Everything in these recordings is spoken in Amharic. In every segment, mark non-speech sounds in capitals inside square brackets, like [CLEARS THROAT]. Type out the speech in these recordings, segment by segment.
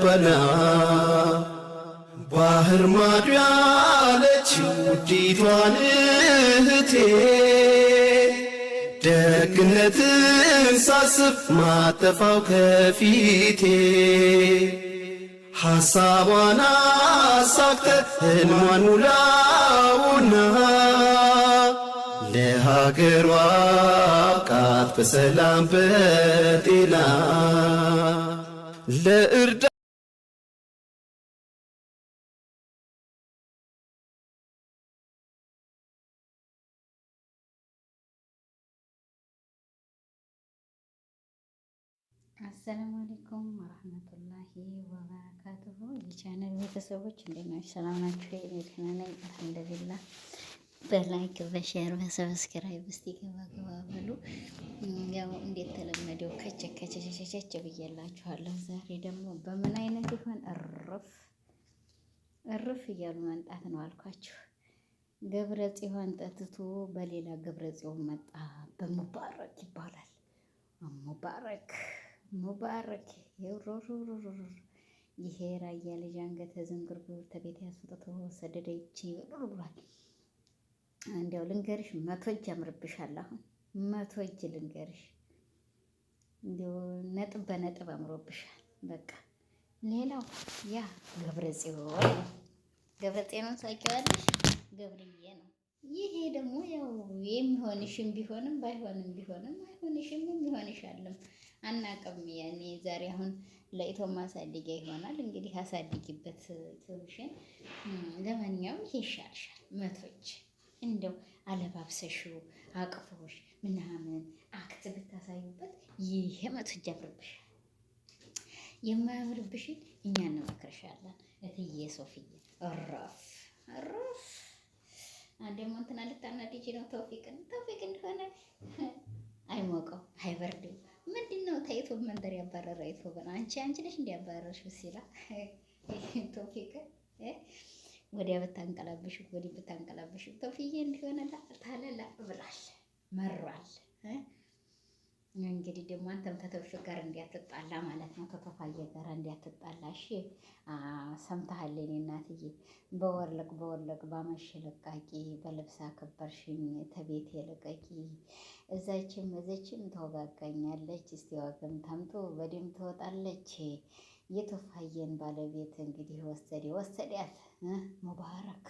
ቀበና ባህር ማዶ ያለች ውዲቷን እህቴ ደግነትን ሳስብ ማጠፋው ከፊቴ ሐሳቧን አሳክተ ሕልሟን ሙላውና ለሀገሯ አብቃት በሰላም በጤና ለእርዳ አሰላሙ አለይኩም ወረህመቱላሂ ወበረካቱሁ። የቻናል ቤተሰቦች እንዴት ናችሁ? ሰላም ናችሁ? እኔ ደህና ነኝ አልሐምዱሊላህ። በላይክ በሼር በሰብስክራይብ እስቲ ገባ ገባ በሉ። ያው እንዴት ተለመደው ከቸ ከቸቸቸቸ ብዬላችኋለሁ። ዛሬ ደግሞ በምን አይነት ይሆን እርፍ እርፍ እያሉ መምጣት ነው አልኳችሁ። ገብረ ጽዮን ጠጥቶ በሌላ ገብረ ጽዮን መጣ በሙባረክ ይባላል። ሙባረክ ሙባረክ የሮሮሮሮሮር ይሄ ራያ ልጅ አንገተ ዝንጉርጉር ተቤት ያስወጥቶ ሰደደ ይቺ ብሏል። እንዲያው ልንገርሽ መቶ እጅ አምርብሻል። አሁን መቶ እጅ ልንገርሽ እንዲያው ነጥብ በነጥብ አምሮብሻል። በቃ ሌላው ያ ገብረ ጽዮን ገብረ ጽዮን ሳቂዋለሽ ገብርዬ ነው። ይሄ ደግሞ ያው የሚሆንሽም ቢሆንም ባይሆንም ቢሆንም አይሆንሽም አለም አናውቅም። ያኔ ዛሬ አሁን ለኢቶ ማሳደጊያ ይሆናል እንግዲህ አሳድጊበት ትንሽን። ለማንኛውም ይሄ ይሻልሻል መቶች እንደው አለባብሰሹ አቅፎሽ ምናምን አክት ብታሳዩበት ይሄ መቶች ያምርብሻል። የማያምርብሽን እኛ እንመክርሻለን እትዬ ሶፊዬ። እረፍ እረፍ። ደግሞ እንትና ልታናድጂ ነው። ተውፊቅን ተውፊቅ እንደሆነ አይሞቀው አይበርድም ምንድን ነው ተይቶብ መንደር ያባረረ ይቶብን አንቺ አንቺ ነሽ እንዲያባረርሽ ያባረርሽ ሲላ ቶፊቅ ወዲያ ብታንቀላብሽ ወዲህ ብታንቀላብሽ ቶፊዬ እንዲሆነ ታለላ ብሏል መሯል። እንግዲህ ደግሞ አንተም ከተውሽ ጋር እንዲያትጣላ ማለት ነው። ከቶፋዬ ጋር እንዲያትጣላ እሺ፣ ሰምተሃል? እኔ እናትዬ በወርልቅ በወርልቅ ባመሽ ለቃቂ በልብሳ ከበርሽኝ ተቤት የለቀቂ እዛችም እዘችም ተወጋጋኛለች። እስቲ ዋግም ታምጡ በደም ትወጣለች። የቶፋዬን ባለቤት እንግዲህ ወሰደ ወሰዳት ሙባረክ።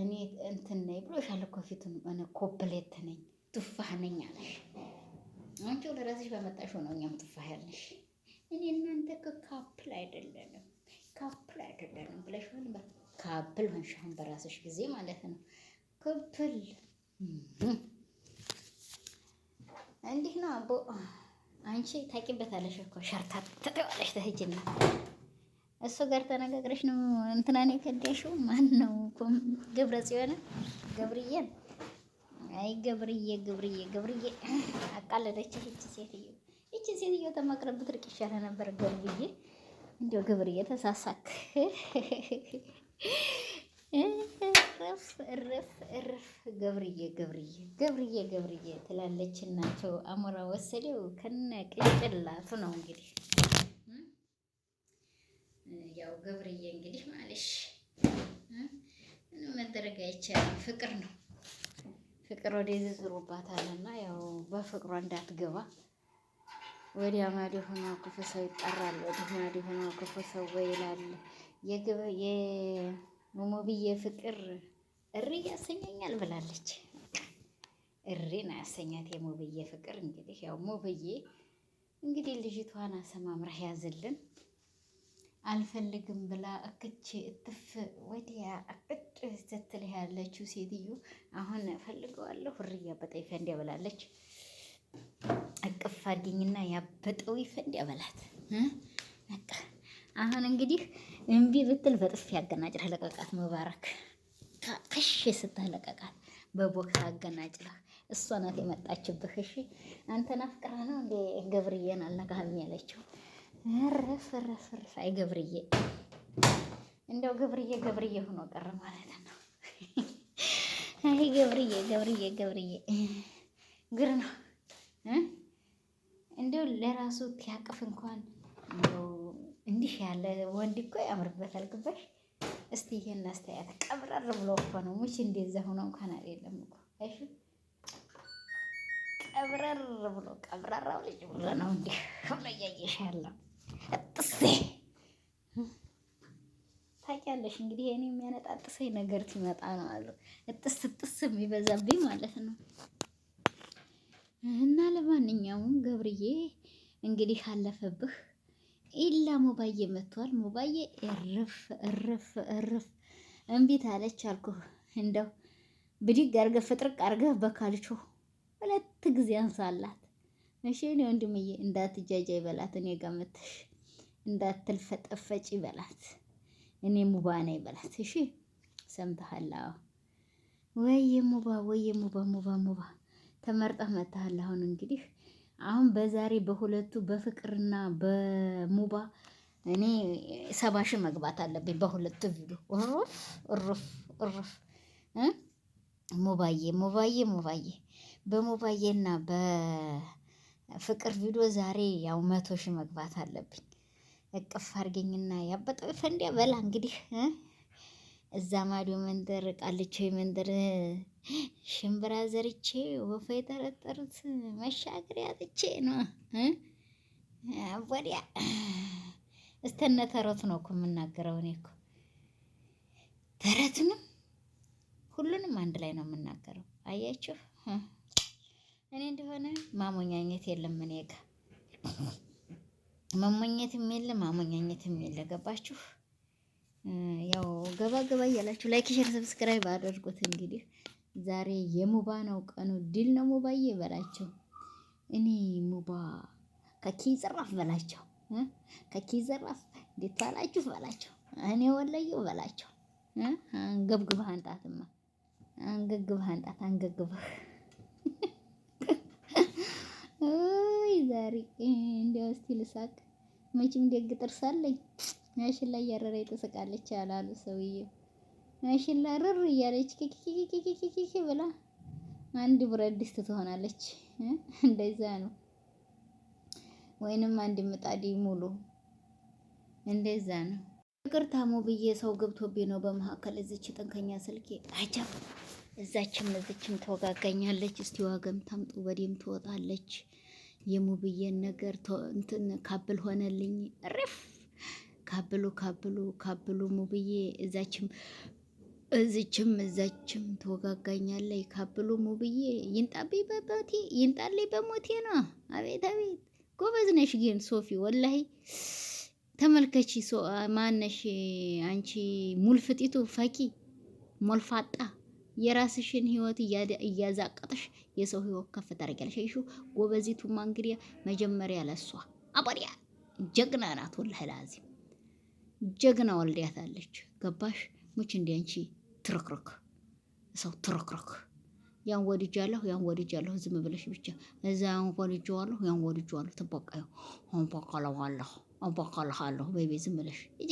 እኔ እንትን ነኝ ብሎሻል እኮ ፊቱን ኮፕሌት ነኝ ቱፋህ ነኝ አለሽ አንቺ ወደ ለራስሽ በመጣሽ ነው እኛም ጥፋ ያለሽ። እኔ እናንተ ከካፕል አይደለንም ካፕል አይደለንም ብለሽ ካፕል ሆንሻን በራስሽ ጊዜ ማለት ነው። ክፕል እንዲህ ነው አቦ አንቺ ታቂበታለሽ እኮ ሸርታ ተጠዋለሽ ተህጅና እሱ ጋር ተነጋግረሽ ነው እንትናን የከዳሽው ማን ነው? ግብረ ጽዮን ገብርዬን አይ ገብርዬ ገብርዬ ገብርዬ [CLEARS THROAT] አቃለለች። ይቺ ሴትዮ ይቺ ሴትዮ ተማክረን ብትርቅ ይሻለ ነበር። ገብርዬ እንዲያው ገብርዬ ተሳሳክ። እርፍ እርፍ እርፍ ገብርዬ ገብርዬ ገብርዬ ገብርዬ ትላለች። እናቸው አሞራ ወሰደው ከነ ቅንጭላቱ ነው እንግዲህ ያው ገብርዬ እንግዲህ ማለሽ መደረግ አይቻልም። ፍቅር ነው ፍቅር ወደ ወደዚህ እና ያው በፍቅሯ እንዳትገባ ወደ አማዲ ሆኖ ክፉ ሰው ይጠራል። ወደ አማዲ ሆኖ ክፉ ሰው ይላል። የሙሙብዬ ፍቅር እሪ ያሰኛኛል ብላለች። እሪ ነው ያሰኛት የሙብዬ ፍቅር። እንግዲህ ያው ሙብዬ እንግዲህ ልጅቷን አሰማምረህ ያዝልን። አልፈልግም ብላ እክቼ እትፍ ወዲያ እቅጭ ስትል ያለችው ሴትዮ አሁን ፈልገዋለሁ እር ያበጠ ይፈንድ ያበላለች። እቅፍ አድኝና ያበጠው ይፈንድ ያበላት። አሁን እንግዲህ እምቢ ብትል በጥፍ ያገናጭለህ ለቀቃት። መባረክ ከሽ ስትህ ለቀቃት። በቦክስ አገናጭለህ እሷ ናት የመጣችብህ። እሺ አንተ ናፍቅራ ነው እንደ ገብርዬን አልነካህም ያለችው እረፍ እረፍ እረፍ። አይ ገብርዬ እንደው ገብርዬ ገብርዬ ሆኖ ቀረ ማለት ነው። አይ ገብርዬ ገብርዬ ገብርዬ ግር ነው እንደው ለራሱ ቲያቅፍ እንኳን እንዲህ ያለ ወንድ እኮ ያምርበታል። ግባሽ እስቲ ይሄን አስተያየት ቀብረር ብሎ እኮ ነው ሙች እንደዛ ሆኖ እንኳን አይደለም እኮ አይሽ ቀብረር ብሎ ቀብረራው ልጅ ብሎ ነው እንዲህ ሆኖ እያየሽ ያለው የሚያነጣጥሴ ታውቂያለሽ እንግዲህ እኔ የሚያነጣጥሰኝ ነገር ትመጣ ነው አሉ እጥስ እጥስ የሚበዛብኝ ማለት ነው። እና ለማንኛውም ገብርዬ እንግዲህ አለፈብህ። ኢላ ሞባዬ መጥቷል። ሞባዬ እርፍ እርፍ እርፍ እምቢት አለች አልኩህ። እንደው ብድግ አርገህ ፍጥርቅ አርገህ በካልቾ ሁለት ጊዜ አንሳላት። እሺ እኔ ወንድምዬ እንዳትጃጃ ይበላት እኔ ጋር መተሽ እንዳትልፈጠፈጭ ይበላት እኔ ሙባ ነኝ በላት። እሺ ሰምተሃል? ወይ ሙባ ወይ ሙባ ሙባ ሙባ ተመርጠህ መጥተሃል። አሁን እንግዲህ አሁን በዛሬ በሁለቱ በፍቅርና በሙባ እኔ ሰባ ሺህ መግባት አለብኝ በሁለቱ ቪዲዮ። እሩፍ እሩፍ እሩፍ ሙባዬ ሙባዬ ሙባዬ በሙባዬና በፍቅር ቪዲዮ ዛሬ ያው መቶ ሺህ መግባት አለብኝ። እቅፍ አድርገኝና ያበጠው ፈንዲያ በላ እንግዲህ እዛ ማዶ መንደር ቃልቼ መንደር ሽምብራ ዘርቼ ወፎ የጠረጠሩት መሻገሪያ አጥቼ ነው። ወዲያ እስተነ ተረቱ ነው እኮ የምናገረው። እኔ እኮ ተረቱንም ሁሉንም አንድ ላይ ነው የምናገረው። አያችሁ እኔ እንደሆነ ማሞኛኘት የለም እኔ ጋ መሞኘትም የለም ማሞኛኘትም የለ። ገባችሁ? ያው ገባ ገባ እያላችሁ ላይክ፣ ሼር፣ ሰብስክራይብ አድርጉት። እንግዲህ ዛሬ የሙባ ነው ቀኑ። ድል ነው ሙባዬ በላቸው። እኔ ሙባ ከኪ ዘራፍ በላቸው፣ ከኪ ዘራፍ እንዴት ባላችሁ በላቸው። እኔ ወለዩ በላቸው። አንገብግብህ አንጣትማ፣ አንገግብህ አንጣት፣ አንገግብህ ኦይ ዛሬ እንዲያው እስቲ ልሳቅ። መቼም ደግ ጥርስ አለኝ። ማሽላ እያረረ ትስቃለች አላሉ ሰውዬ። ማሽላ ርር እያለች ኪኪኪኪኪኪ ብላ አንድ ብረት ድስት ትሆናለች። እንደዛ ነው። ወይንም አንድ ምጣድ ሙሉ እንደዛ ነው። ይቅርታ ሙ ብዬ ሰው ገብቶብኝ ነው በመሀከል እዚች ጠንከኛ ስልኬ አጃብ እዛችም እዚችም ተወጋጋኛለች። እስቲ ዋገም ታምጡ ወዲም ትወጣለች። የሙብዬን ነገር እንትን ካብል ሆነልኝ ሪፍ ካብሉ ካብሉ ካብሉ ሙብዬ እዛችም እዚችም እዛችም ተወጋጋኛለች። ካብሉ ሙብዬ ይንጣብኝ በሞቴ ይንጣልኝ በሞቴ ነው። አቤት አቤት ጎበዝ ነሽ ግን ሶፊ ወላሂ ተመልከቺ። ማነሽ አንቺ ሙልፍጢቱ ፈቂ ሞልፋጣ የራስሽን ህይወት እያዛቀጥሽ የሰው ህይወት ከፍ ታደርጊያለሽ። አይሹ ጎበዚቱማ እንግዲህ መጀመሪያ ለሷ አባዲያ ጀግና ናት። ወላሂ ላዚም ጀግና ወልዲያታለች። ገባሽ ሙች እንዲያንቺ ትርክርክ ሰው ትርክርክ ያን ወድጃለሁ ያን ወድጃለሁ ዝም ብለሽ ብቻ እዛ ያን ወድጄዋለሁ ያን ወድጄዋለሁ ትበቃዩ አንበቃለዋለሁ አንበቃለሃለሁ ቤቤ ዝም ብለሽ እጂ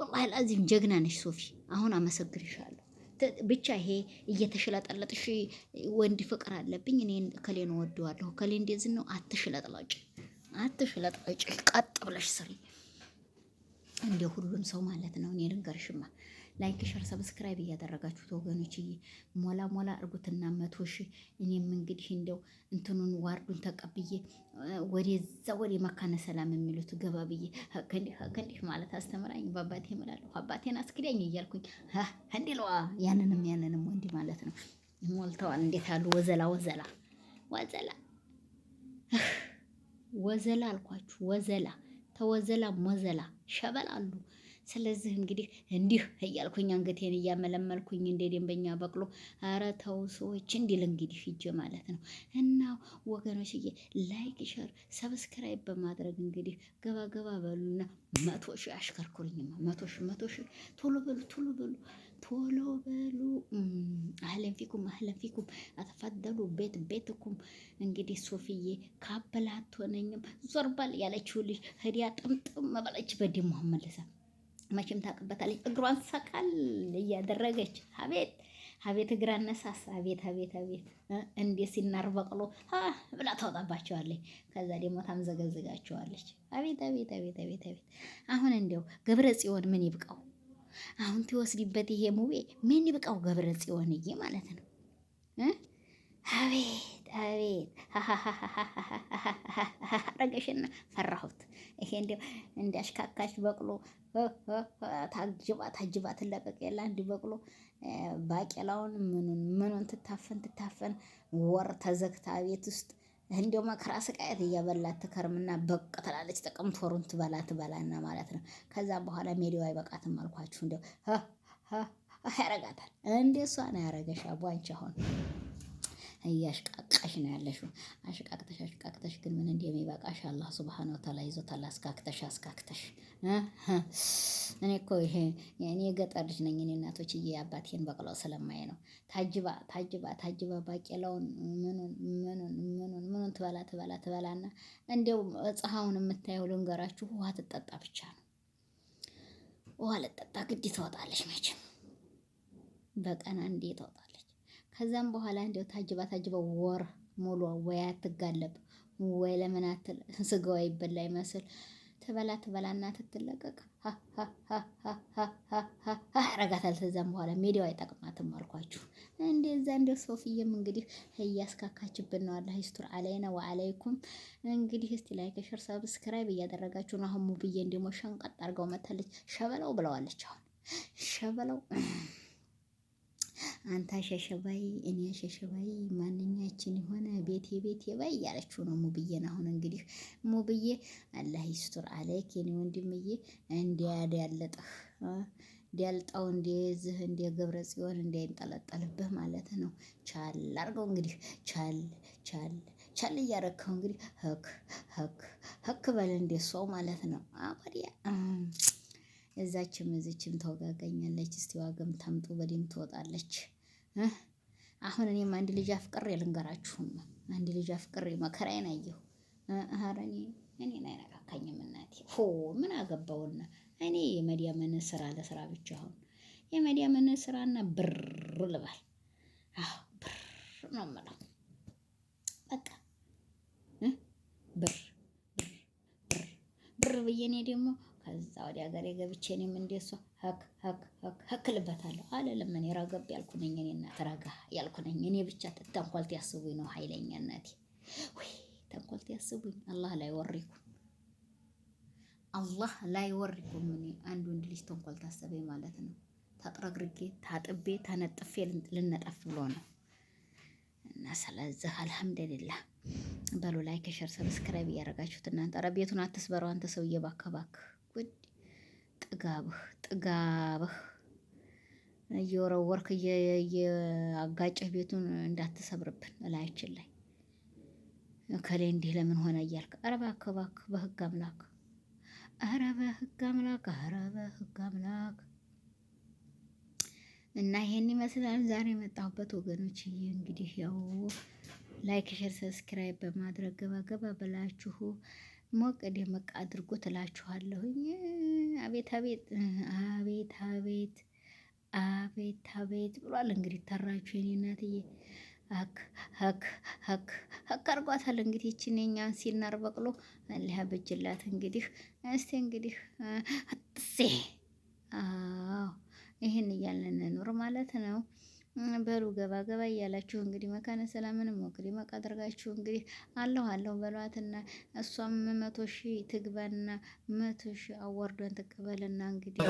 ወላሂ ላዚም ጀግና ነሽ ሶፊ። አሁን አመሰግንሻለሁ። ብቻ ይሄ እየተሽለጠለጥሽ ወንድ ፍቅር አለብኝ እኔ ከሌን ወደዋለሁ ከሌ እንደዚህ ነው። አትሽለጥለጭ፣ አትሽለጥለጭ፣ ቀጥ ብለሽ ስሪ እንደ ሁሉም ሰው ማለት ነው። እኔ ልንገርሽማ ላይክ፣ ሸር፣ ሰብስክራይብ እያደረጋችሁት ወገኖችዬ ሞላ ሞላ እርጉትና መቶ ሺህ እኔም እንግዲህ እንደው እንትኑን ዋርዱን ተቀብዬ ወደዛ ወደ መካነ ሰላም የሚሉት ገባ ብዬ ከእንዲህ ከእንዲህ ማለት አስተምራኝ በአባቴ እምላለሁ አባቴን አስክዳኝ እያልኩኝ እንዲለዋ ያንንም ያንንም ወንድ ማለት ነው ሞልተዋል። እንዴት አሉ ወዘላ ወዘላ ወዘላ ወዘላ አልኳችሁ። ወዘላ ተወዘላ ሞዘላ ሸበል አሉ። ስለዚህ እንግዲህ እንዲህ እያልኩኝ አንገቴን እያመለመልኩኝ እንደ ደንበኛ በቅሎ ኧረ ተው ሰዎች እንዲል እንግዲህ ሂጄ ማለት ነው። እና ወገኖችዬ ላይክ፣ ሸር፣ ሰብስክራይብ በማድረግ እንግዲህ ገባ ገባ በሉና መቶ ሺህ አሽከርኩልኝማ መቶ ሺህ መቶ ሺህ ቶሎ በሉ ቶሎ በሉ ቶሎ በሉ። አህለን ፊኩም አህለን ፊኩም አተፈደሉ ቤት ቤትኩም። እንግዲህ ሶፊዬ ካበላ አትሆነኝም ዞርባል ያለችው ልጅ ህዲያ ጥምጥም መበለች በዲሞ መልሳ መቼም ታውቅበታለች። እግሯን ሰቃል እያደረገች አቤት አቤት እግር አነሳስ አቤት አቤት አቤት እንዴ ሲናር በቅሎ ብላ ታወጣባቸዋለች። ከዛ ደግሞ ታምዘገዝጋቸዋለች። አቤት አቤት አቤት አቤት አቤት አሁን እንዲያው ገብረ ጽዮን ምን ይብቃው አሁን ትወስዲበት ይሄ ሙቤ ምን ይብቃው ገብረ ጽዮንዬ ማለት ነው። አቤት አቤት ረገሽና ፈራሁት እንዲ እንዲያሽካካች በቅሎ ታጅባ ታጅባ ትለቀቅ የለ እንዲ በቅሎ ባቄላውን ምኑን ምኑን ትታፈን ትታፈን ወር ተዘግታ ቤት ውስጥ እንዲያው መከራ ስቃየት እያበላት ትከርምና በቅ ትላለች። ጥቅምት ወሩን ትበላ ትበላና ማለት ነው። ከዛ በኋላ ሜዲዋ አይበቃትም አልኳችሁ። እንዲያው ያረጋታል። እንደ እሷን ያረገሽ አቧንቻ አሁን እያሽቃቃሽ ነው ያለሽው። አሽቃቅተሽ አሽቃቅተሽ ግን ምን እንደሚበቃሽ አላህ ሱብሃነ ወተዓላ ይዞታል። አስካክተሽ አስካክተሽ እኔ እኮ ይሄ እኔ የገጠር ልጅ ነኝ። እኔ እናቶችዬ አባቴን በቅሎ ስለማይ ነው። ታጅባ ታጅባ ታጅባ ባቄላውን ምኑን ምኑን ምኑን ምኑን ትበላ ትበላ ትበላና እንዲያው ፀሐዩን የምታየው ልንገራችሁ፣ ውሃ ትጠጣ ብቻ ነው። ውሃ ልጠጣ ግድ ትወጣለች። መቼም በቀን አንዴ ተወጣ ከዛም በኋላ እንዲያው ታጅባ ታጅባ ወር ሙሉ ወይ አትጋለብ ወይ ለምን አትል [LAUGHS] ስጋዋ ይበላ ይመስል ትበላ ትበላና ትትለቀቅ ረጋታል። ከዛም በኋላ ሜዲያው አይጠቅማትም አልኳችሁ። እንደዛ እንደ ሶፍዬም እንግዲህ እያስካካችብን ነው። አላህ ይስቱር አለይና ወአለይኩም። እንግዲህ እስቲ ላይክ፣ ሸር፣ ሰብስክራይብ እያደረጋችሁ ነው። አሁን ሙብዬ እንደሞ ሸንቀጥ አድርገው መታለች። ሸበለው ብለዋለች። አሁን ሸበለው አንተ አሸሸባይ እኔ አሸሸባይ ማንኛችን የሆነ ቤቴ ቤቴ ባይ እያለችው ነው ሙብዬን። አሁን እንግዲህ ሙብዬ አላህ ይስቱር አለይክ የኔ ወንድምዬ እንዲያድ ያለጥህ እንዲያልጣው እንዲዝህ እንዲ ገብረ ጽዮን እንዲያይንጠለጠልብህ ማለት ነው። ቻል አርገው እንግዲህ ቻል ቻል ቻል እያረከው እንግዲህ ህክ ህክ ህክ በል እንደሷው ማለት ነው አወዲያ እዛችም እዚችም ተወጋገኛለች። እስቲ ዋግም ታምጡ በደም ትወጣለች። አሁን እኔም አንድ ልጅ አፍቅሬ ልንገራችሁም አንድ ልጅ አፍቅሬ መከራዬን አየሁ። ኧረ እኔ እኔን አይነካካኝም እናቴ ሆ ምን አገባውና እኔ የመዲያምን ስራ ለስራ ብቻ አሁን የመዲያምን ስራና ብር ልባል። አዎ ብር ነው የምለው በቃ ብር ብር ብር ብዬ እኔ ደግሞ ከዛ ወዲያ ሀገሬ ገብቼ እኔም እንደሷ ሀክ ሀክ ሀክ ሀክልበታለሁ አለ እኔ ረገብ ያልኩነኝ እኔ እናት ረጋ ያልኩነኝ እኔ ብቻ ተንኮልት ያስቡኝ ነው ኃይለኛነቴ። ወይ ተንኮልት ያስቡኝ አላህ ላይ ወሪኩ አላህ ላይ ወሪኩ ምን አንድ ወንድ ልጅ ተንኮል ታሰበኝ ማለት ነው ታጥረግርጌ ታጥቤ ተነጥፌ ልነጠፍ ብሎ ነው። እና ስለዚህ አልሐምድሊላህ በሉ ላይክ፣ ሸር፣ ሰብስክራይብ እያደረጋችሁት እናንተ ኧረ ቤቱን አትስበረው አንተ ሰውዬ እየባከባክ ጉድ ጥጋብህ ጥጋብህ እየወረወርክ እየአጋጨህ ቤቱን እንዳትሰብርብን እላያችን ላይ ከሌ እንዲህ ለምን ሆነ እያልክ ኧረ እባክህ እባክህ በህግ አምላክ ኧረ በህግ አምላክ ኧረ በህግ አምላክ። እና ይሄን ይመስላል ዛሬ የመጣሁበት ወገኖች። እንግዲህ ያው ላይክ፣ ሼር፣ ሰብስክራይብ በማድረግ ገባ ገባ ብላችሁ ሞቅ ደመቅ አድርጎ ትላችኋለሁኝ። አቤት አቤት አቤት አቤት አቤት አቤት ብሏል። እንግዲህ ተራችሁ የኔ እናትዬ ሀክ ሀክ ሀክ ሀክ አርጓታል። እንግዲህ ይችን የኛን ሲናር በቅሎ ሊያ በጅላት እንግዲህ እስቲ እንግዲህ አጥሴ አዎ ይህን እያለን እንኑር ማለት ነው። በሩ ገባ ገባ እያላችሁ እንግዲህ መካነ ሰላምንም ወግዲ መቃደርጋችሁ እንግዲህ አለሁ አለሁ በሏትና እሷም መቶ ሺ ትግባና መቶ ሺ አዋርዷን ትቀበልና እንግዲህ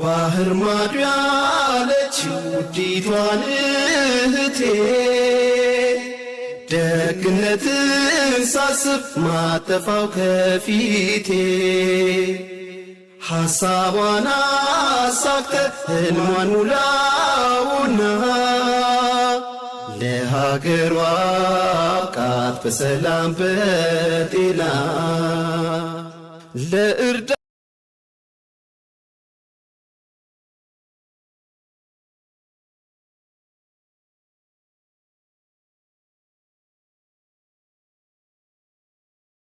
ባህር ማዶ ያለች ውዲቷን እህቴ ደግነትን ሳስብ ማጠፋው ከፊቴ ሐሳቧን አሳክተ ሕልሟን ሙላውና ለሀገሯ አብቃት በሰላም በጤና ለእርዳ